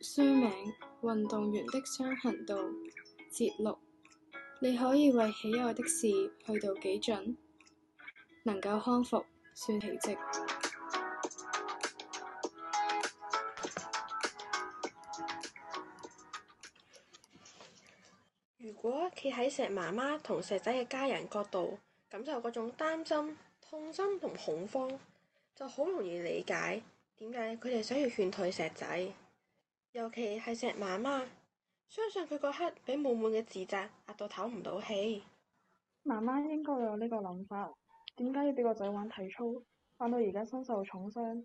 書名《運動員的雙行道》節錄，你可以為喜愛的事去到幾盡？能夠康復算奇跡。如果企喺石媽媽同石仔嘅家人角度，感受嗰種擔心、痛心同恐慌就好容易理解，點解佢哋想要勸退石仔。尤其係石媽媽，相信佢嗰刻俾滿滿嘅自責壓到唞唔到氣。媽媽應該有呢個諗法，點解要俾個仔玩體操，玩到而家身受重傷，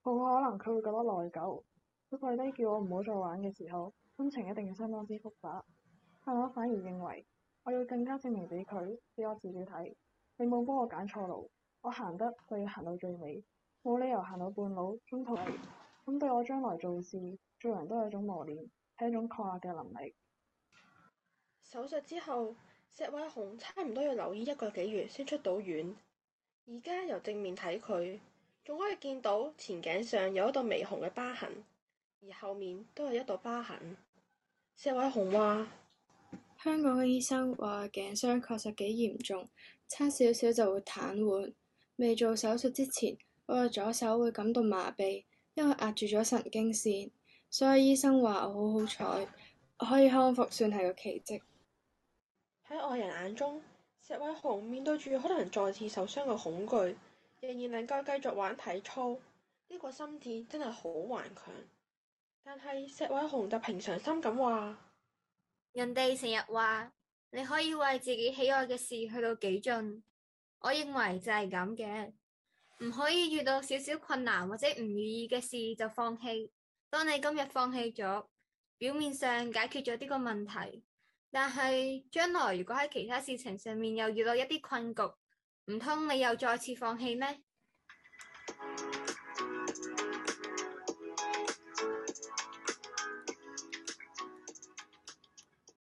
好可能佢會覺得內疚。佢跪低叫我唔好再玩嘅時候，心情一定係相當之複雜。但我反而認為，我要更加證明俾佢，俾我自己睇，你冇幫我揀錯路，我行得就要行到最尾，冇理由行到半路中途。咁、嗯、對我將來做事做人都係一種磨練，係一種抗壓嘅能力。手術之後，石偉雄差唔多要留醫一個幾月先出到院。而家由正面睇佢，仲可以見到前頸上有一道微紅嘅疤痕，而後面都係一道疤痕。石偉雄話：香港嘅醫生話頸傷確實幾嚴重，差少少就會癱瘓,瘓。未做手術之前，我嘅左手會感到麻痹。因為壓住咗神經線，所以醫生話我好好彩，可以康復算係個奇蹟。喺外人眼中，石偉雄面對住可能再次受傷嘅恐懼，仍然能夠繼續玩體操，呢、這個心志真係好頑強。但係石偉雄就平常心咁話：人哋成日話你可以為自己喜愛嘅事去到幾盡，我認為就係咁嘅。唔可以遇到少少困難或者唔如意嘅事就放棄。當你今日放棄咗，表面上解決咗呢個問題，但係將來如果喺其他事情上面又遇到一啲困局，唔通你又再次放棄咩？